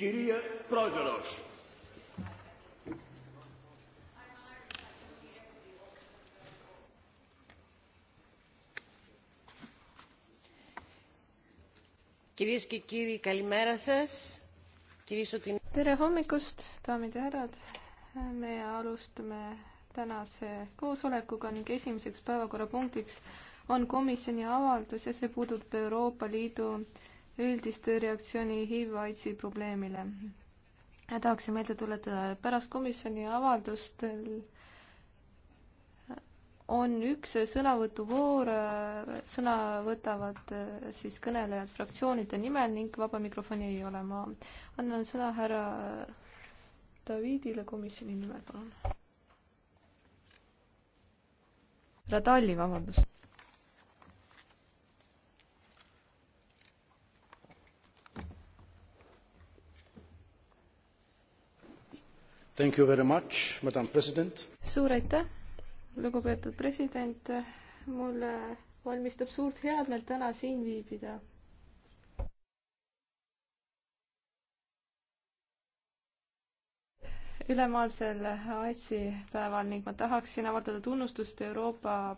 Κυρία Πρόεδρος. Κυρίες και κύριοι, καλημέρα σας. Κυρίες Σωτεινή. Tere hommikust, daamid ja härrad. Me alustame tänase koosolekuga ning esimeseks päevakorrapunktiks on komisjoni avaldus ja see puudutab Euroopa Liidu üldist reaktsiooni HIV-AIDSi probleemile. tahaksin meelde tuletada, et pärast komisjoni avaldust on üks sõnavõtuvoor, sõna võtavad siis kõnelejad fraktsioonide nimel ning vaba mikrofoni ei ole. ma annan sõna härra Davidile komisjoni nimel, palun. härra Talli, vabandust Thank you very much, madam president. suur aitäh, lugupeetud president. mulle valmistab suurt headmeelt täna siin viibida ülemaailmsel AIDSi päeval ning ma tahaksin avaldada tunnustust Euroopa